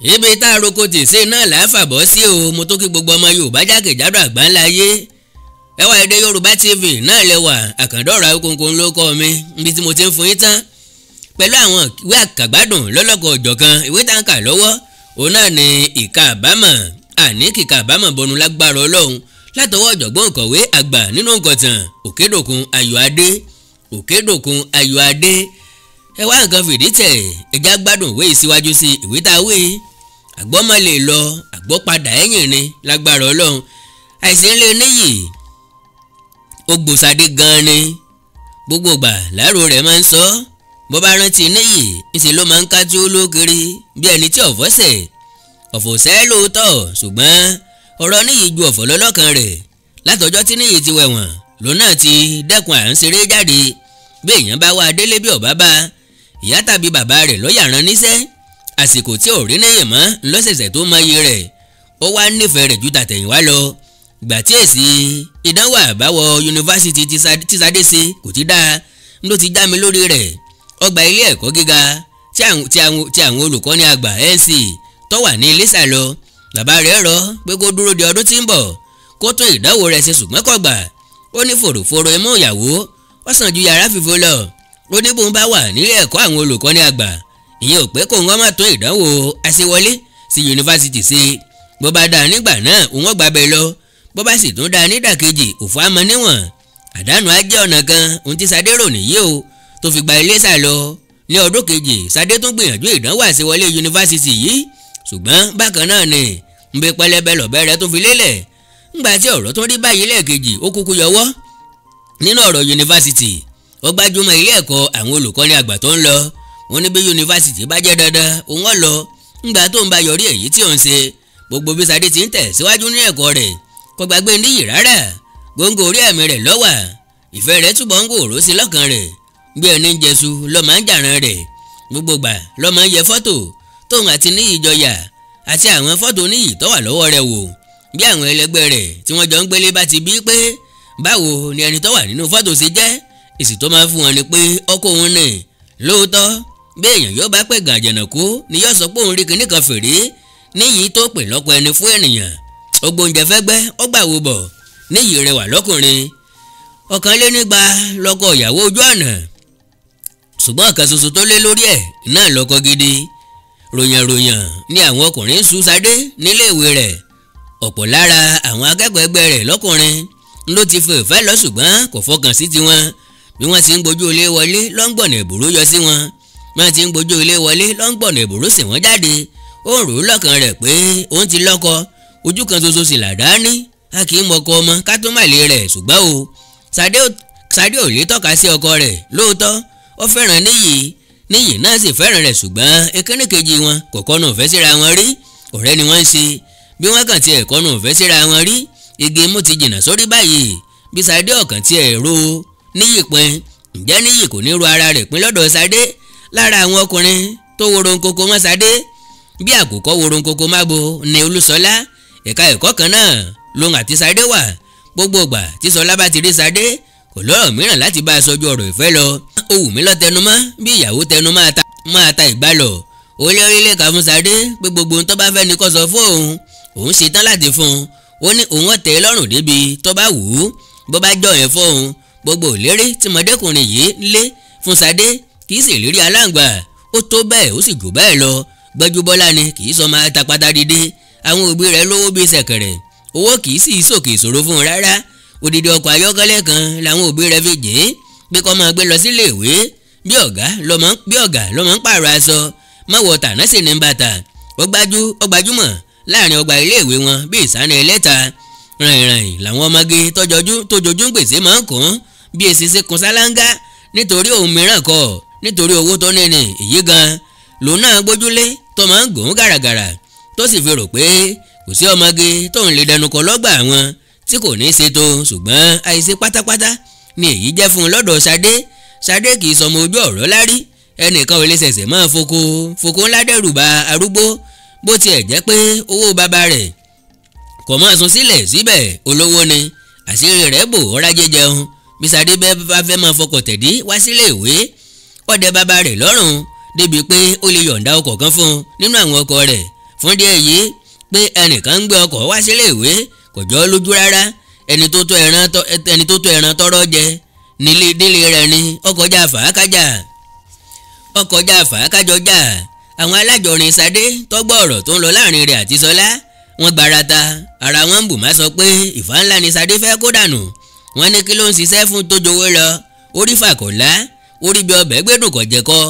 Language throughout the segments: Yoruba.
ibi tá a roko tì sí náà láfàbọ̀ sí o mo tó kí gbogbo ọmọ yorùbá jákèjádò àgbáńlá ayé ẹwà èdè yorùbá tv náà lẹ́wà àkàndọ̀rọ̀ awíkóńkóń ló kọ́ mi níbi tí mo ti ń fún yín tán pẹ̀lú àwọn ìwé àkàgbádùn lọ́lọ́kọ̀ ọ̀jọ̀kan ìwé tá a ń kà lọ́wọ́ òun náà ni ìka àbámọ̀ àní kìka àbámọ̀ bọnu lágbára ọlọ́run látọwọ́ ọ̀jọ̀gbọ́n òkọ̀wé àgbà nínú nǹkọ̀tàn òkèdòkun ayọ̀adé òkèdòkun ayọ̀adé ẹ wá nǹkan fìdí tẹ̀ ẹ̀já gbádùn ìwé ìsíwájú sí ìwé tá a wí àgbọ́ má lè lọ àgbọ́ padà ẹ̀yìn ni lágbára ọlọ́run àìsàn lè níyì ó gbòsadé gan ni gbogbo gbà láàrò rẹ̀ máa ń sọ bó bá rántí níyì ńṣe ló máa ń ká tí ó ló kiri bí ẹni tí ọ̀fọ̀ sẹ̀ ọ̀fọ̀ sẹ́ lóòótọ́ ṣùgbọ́n ọ̀rọ̀ níyì ju ọ̀fọ̀ lọ́lọ́kan rẹ̀ látọjọ́ tí níyì ti wẹ̀wọ̀n lòun náà ti dẹ́kun à ń ṣeré jáde bí èèyàn bá wá délé bí ọ̀bá bá ìyá tàbí bàbá rẹ̀ lọ́yà rán níṣẹ́ àsìkò tí ò rí níyìn mọ́ lọ́sẹ̀sẹ̀ tó mọyì rẹ̀ ó wá nífẹ̀ẹ́ rẹ̀ ju tàtẹ̀yìnwá lọ gbà tí èsì ìdánwò àbáwọ̀ yunifásitì ti sadé ṣe kò ti dáa ló ti já mi lórí rẹ̀ ọgbà ilé ẹ̀kọ́ gíga tí àwọn olùkọ́ni àgbà NC tó wà ní Iléṣà lọ bàbá rẹ̀ rọ pé kó dúró de ọdún tí ń bọ̀ kó tún ìdánwò rẹ̀ ṣe ṣùgbọ́n kò gbà ó ní fòròfòrò imú ìyàwó ó sàn ju yàrá fífo lọ ó ní bóun bá wà nílé ẹ̀kọ́ àwọn olùkọ́ni àgbà ìyẹn ò pé kó wọn má tó ìdánwò àṣewọlé sí yunifásitì ṣe bó bá dáa nígbà náà òun gbà bẹ́ẹ̀ lọ bó bá sì tún dáa nídàkejì òfò àmọ́ níwọ̀n àdánù ajé ọ̀nà kan ohun tí sadé rò nìyí o tó fi gba ilé sà lọ ní ọdún kejì sadé tún gbìyànjú ìdánwò àṣewọlé yunifásitì yìí ṣùgbọ́n bákan náà ni ń bẹ pẹlẹbẹ lọ́bẹ̀rẹ̀ tó fi lélẹ̀ ńgbà tí ọ̀rọ̀ tó rí báyìí lẹ́ẹ̀kejì ó kúkú yọwọ́ nínú ọ̀rọ̀ yunifásitì ó gbájúmọ́ ilé ẹ̀kọ́ àwọn olùkọ́ni àgbà tó ń lọ òun ní bí yunifásitì bá jẹ́ dandan òun ọ̀ lọ ńgbà tó ń bá yọrí èyí tí òun ṣe gbogbo bí Sadé ti ń tẹ̀ síwájú ní ẹ̀kọ́ rẹ̀ kò gbàgbé níyì rárá gbòǹgò orí ẹ̀mí rẹ̀ lọ́wà ìfẹ́ rẹ̀ túbọ̀ ń gbòòrò sí lọ́kàn rẹ̀ bí ẹni ń jẹṣu ló máa ń jàrán rẹ̀ gbogbo gbà ló máa ń yẹ fọ́tò tóun àti níyì jọyà àti àwọn fọ́tò níyì tó wà lọ́wọ́ rẹ̀ wò bí àwọn ẹlẹgbẹ́ rẹ̀ tí wọ́n jọ ń gbélé bá ti bí pé báwo ni ẹni tó wà nínú fọ́tò ṣe jẹ́ èsì tó máa fún wọn ni pé ọkọ òun nì lóòótọ́ béèyàn yóò bá pè gàjẹ̀nàkú ni yóò sọ pé òun rí kinní kan fèrè níyì tó pè lọ́pọ̀ ẹni fún ènìyàn ògbóúnjẹ fẹ́gbẹ́ ó gbà wo bọ̀ níyì rẹwà lọ́kùnrin ọ̀kan lé nígbà lọ́kọ ìyàwó ojú ọ̀nà ṣùgbọ́n ọ̀kan ṣoṣo tó lé lórí ẹ̀ náà lọ́kọ gidi ròyànròyàn ni àwọn ọkùnrin sú nílé ìwé rẹ̀ ọ̀pọ̀ lára àwọn akẹ́kọ̀ọ́ ẹgbẹ́ rẹ̀ lọ́kùnrin wọ́n ti ń gbójú ilé wọlé lọ́ngbọ̀nà ìbòrò sì wọ́n jáde ó ń rò ó lọ́kàn rẹ̀ pé òun ti lọ́kọ ojú kan ṣoṣo sì làdá ní a kì í mọkọ ọmọ ká tó má lè rẹ̀ ṣùgbọ́n o Ṣadé ò lè tọ́ka sí ọkọ rẹ̀ lóòótọ́ ó fẹ́ràn níyì níyì náà sì fẹ́ràn rẹ̀ ṣùgbọ́n ekínní kejì wọn kò kọ́nu ọ̀fẹ́ síra wọn rí ọ̀rẹ́ ni wọ́n ń ṣe bí wọ́n kàn tiẹ̀ kọ́nu ọ̀fẹ́ síra wọn rí igi mú ti jìnnà sórí báyìí bí Ṣadé ọ̀kàn tiẹ̀ ro níyì pin ǹjẹ́ níyì kò ní ro ara rẹ̀ pin lọ́dọ̀ Ṣadé lára àwọn ọkùnrin tó woronkoko mọ́ Ṣadé bí àkùkọ woronkoko mábo ní Olúṣọlá ẹ̀ka ẹ̀kọ́ kan náà lòun àti Ṣadé wà gbogbo ìgbà tí Ṣọlá bá ti rí Ṣadé kò lọ́rọ̀ mìíràn láti bá a sọjú ọ̀rọ̀ ìfẹ́ lọ ó wù mí lọ tẹnumọ́ bí ìyàwó tẹnu máa ta ìgbà lọ olè orílẹ̀ kà fún Ṣadé pé gbogbo ohun tó bá fẹ́ ni kó sọ fún òun òun ṣetán láti fún un ó ní òun ọ̀tẹ̀ lọ́rùn débi tó bá wù ú bó bá jọ yẹn fún òun gbogbo ìlérí tí mọ̀dékùnrin yìí lé fún Ṣadé kì í sì rírí aláǹgbà ó tó bẹ́ẹ̀ ó sì jù bẹ́ẹ̀ lọ gbẹ́júbọ́lá ni kì í sọ máa tapata dídé àwọn òbí rẹ̀ lówó bíi ṣẹ̀kẹ̀rẹ̀ owó kì í sì sòkè ìṣòro fún un rárá odidi ọkọ̀ ayọ́kẹ́lẹ́ kan làwọn òbí rẹ̀ fi jìn ín pé kó máa gbé lọ sílé ìwé bí ọ̀gá lọ́mọ bí ọ̀gá lọ́mọ ń pààrọ̀ aṣọ mọ́wọ́ tàná sì ní bàtà ọgbájú ọgbájúmọ̀ láàrin ọgbà iléèwé wọn bí ìsáná ẹlẹ́ta rìnrìn làwọn ọmọge tójojú ń máa ń kún bí èsì ṣe kun sálángá nítorí òun mìíràn kọ́ nítorí owó tó ní ni èyí gan lòun náà gbójúlé tó máa ń gòun gàràgàrà tó sì fi rò pé kò sí ọmọge tóun lè dẹnu kọ lọ́gbà àwọn tí kò ní í ṣètò ṣùgbọ́n àìsí pátápátá ni èyí jẹ́ fún un lọ́dọ̀ Ṣadé Ṣadé kì í sọmọ ojú ọ̀rọ̀ lárí ẹnìkan ò lè ṣẹ̀ṣẹ̀ máa foko foko ńlá dẹ́rù ba arúgbó bó tiẹ̀ jẹ́ pé owó bàbá rẹ̀ kò máa sun sílẹ̀ síbẹ̀ olówó ni àṣírí rẹ̀ bò ọ́rá jẹjẹun bí Ṣadé bá fẹ́ máa fọkọ̀ tẹ̀dí wá sílé ìwé ọdẹ bàbá rẹ̀ lọ́rùn débi pé ó lè yọ̀ǹda ọkọ̀ kan fún un nínú àwọn ọkọ̀ rẹ̀ fún díẹ̀ yìí pé ẹnìkan ń gbé ọkọ̀ wá sílé ìwé kò jọ lójú rárá ẹni tó tó ẹran tọrọ jẹ nílé rẹ̀ ni ọkọjá fàákájà ọkọjá fàákájọjà àwọn alájọrin sadé tọgbọ́ ọ̀rọ̀ tó ń lọ láàrin rẹ̀ àti sọlá wọ́n gbarata ara wọn ń bù má sọ pé ìfà ńlá ni sadé fẹ́ kó dànù wọ́n ní kí ló ń ṣiṣẹ́ fún tójowó lọ orí fàkọ̀lá orí bí ọbẹ̀ gbẹ́dùn kọ̀ jẹ́kọ́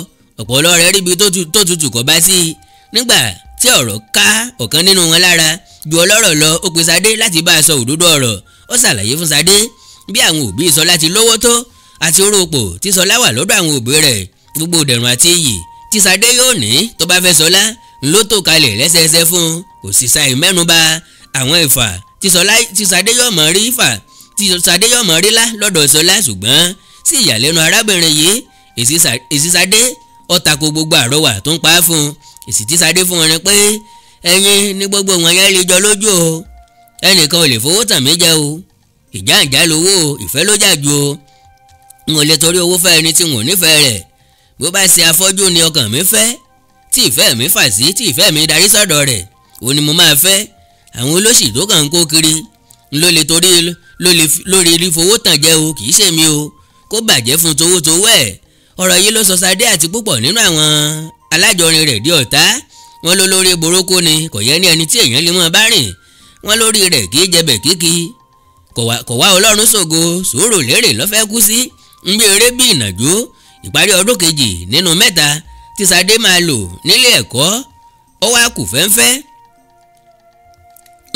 ọ̀pọ̀lọ́ rẹ̀ ríbi tó tutù kọ̀ bá sí i nígbà tí ọ̀rọ̀ ká ọ̀kan nínú wọn lára ju ọlọ́rọ̀ lọ ó pe Sadé láti bá a sọ òdodo ọ̀rọ̀ ó ṣàlàyé fún Sadé bí àwọn òbí Ṣọlá ti lówó tó àti oróòpò tí Ṣọlá wà lọ́dọ̀ àwọn òbí rẹ̀ gbogbo dẹ̀rùn àti iyì tí Sadé yóò ní tó bá fẹ́ Ṣọlá ló tó kalẹ̀ lẹ́sẹẹsẹ fún kò sì ṣàì mẹ́nuba àwọn ìfà tí Ṣọlá tí Sadé yóò mọ̀ rí fà tí Sadé yóò mọ̀ rí lá lọ́dọ̀ Ṣọlá ṣùgbọ́n sí ìyàlẹ́nu arábìnrin yìí èsì Ṣadé ó tako gbogbo àrọwà tó ń pa á fún un èsì tí Ṣadé fún wọn ni pé ẹ̀yin ní gbogbo wọn yẹn lè jọ lójú o ẹnìkan ò lè fowó tàn mí jẹ o ìjà ìjà lówó ìfẹ́ ló jà ju o n ò lè torí owó fẹ́ ẹni tí n ò nífẹ̀ẹ́ rẹ̀ bó bá ṣe afọ́jú ni ọkàn mi fẹ́ tí ìfẹ́ mi fà sí tí ìfẹ́ mi darí sọ́dọ̀ rẹ̀ òun ni mo máa fẹ́ àwọn olóṣì tó kàn ń kó kiri ló lè torí lórí fowó tàn jẹ o kì í ṣe mi o kó bàjẹ́ fún towótowó ẹ̀ ọ̀rọ̀ yìí ló sọ Sadé àti púpọ̀ nínú àwọn alájọrin rẹ̀ di ọ̀tá wọn ló lórí burúkú ni kò yẹ ní ẹni tí èèyàn lè mọ bá rìn wọn lórí rẹ̀ kì í jẹbẹ̀ kíkì kò wá Ọlọ́run ṣògo sùúrù lérè lọ́fẹ́ kú sí ń gbé eré bí ìnàjú ìparí ọdún kejì nínú mẹ́ta tí Sadé máa lò nílé ẹ̀kọ́ ó wá kù fẹ́ńfẹ́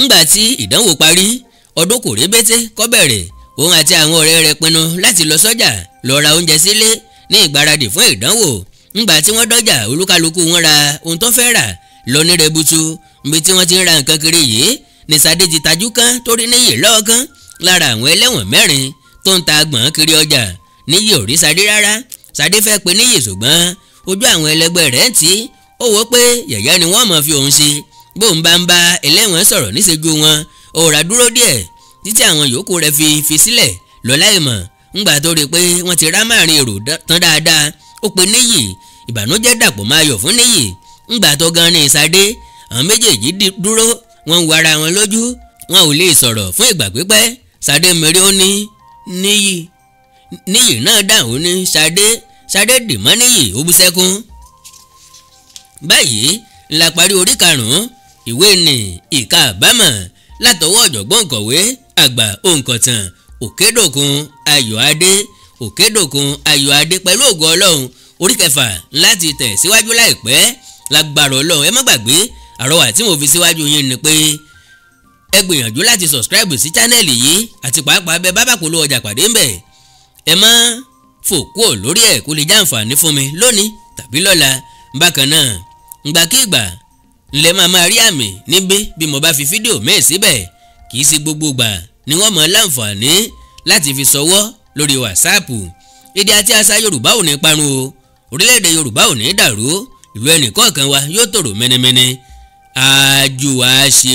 ńgbà tí ìdánwò parí ọdún kò rébété kọ́ bẹ̀rẹ̀ òun àti àwọn ọ̀rẹ́ rẹ̀ pinnu láti lọ sọ́jà lọ ra oúnjẹ sílé ní ìgbáradì fún ìdánwò ńgbà tí wọ́n dọ́jà olúkálukú wọn ra ohun tó fẹ́ rà lọ ní rẹbutu ibi tí wọ́n ti ń ra nǹkan kiri yìí ní Ṣadé ti tajú kan torí níyì lọ́ọ̀kan lára àwọn ẹlẹ́wọ̀n mẹ́rin tó ń ta agbọ̀n kiri ọjà níyì ò rí Ṣadé rárá Ṣadé fẹ́ pe níyì ṣùgbọ́n ojú àwọn ẹlẹgbẹ́ rẹ̀ ń tì í ó wò ó pé yẹ̀yẹ́ ni wọ́n mọ̀ fi òun ṣe bóun bá ń bá ẹlẹ́wọ̀n sọ̀rọ̀ níṣẹ́jú wọn òòrà dúró díẹ̀ títí àwọn yòókù rẹ̀ fi fi sílẹ̀ lọ láìmọ̀ ńgbà tó rí i pé wọ́n ti rá máàrin èrò tán dáadáa ó pe níyì ìbànújẹ́ dàpọ̀ máa yọ̀ fún níyì ńgbà tó gan ni ìsadé àwọn méjèèjì dúró wọ́n ń wo ara wọn lójú wọn ò lè sọ̀rọ̀ fún ìgbà pípẹ́ sadé mèrè ó ní níyì níyì náà dáhùn ní sadé sadé dì mọ́ níyì ó bú sẹ́kún báyìí la parí orí karùn-ún ìwé ni ìka àbámọ̀ látọwọ́ ọ̀jọ̀gbọ́n kọ̀wé àgbà òǹkọ̀tàn òkèdòkun ayọ̀adé òkèdòkun ayọ̀adé pẹ̀lú ògo ọlọ́run orí kẹfà láti tẹ̀ síwájú láìpẹ́ lágbára ọlọ́run ẹ má gbàgbé àrọwà tí mo fi síwájú yín ni pé ẹ gbìyànjú láti subscribe sí chánẹ́ẹ̀lì yìí àti pàápàá bẹ bábà kó ló ọjà pàdé ńbẹ̀ ẹ má fò kúò lórí ẹ̀ kó lè jàǹfààní fún mi lónìí tàbí lọ́la bákan náà ngbàkigbà ńlẹ́ máa máa rí àmì níbí bí mo bá fi fídíò mẹ́ẹ̀ síbẹ̀ kì í ṣe gbogbo gbà ni wọ́n mọ̀ láǹfààní láti fi sọwọ́ lórí WhatsApp èdè àti àṣà Yorùbá ò ní parun o orílẹ̀-èdè Yorùbá ò ní dàrú ìlú ẹnìkọ̀ọ̀kan wa yóò tòrò mẹ́nẹ́mẹ́nẹ́ àjò wa ṣe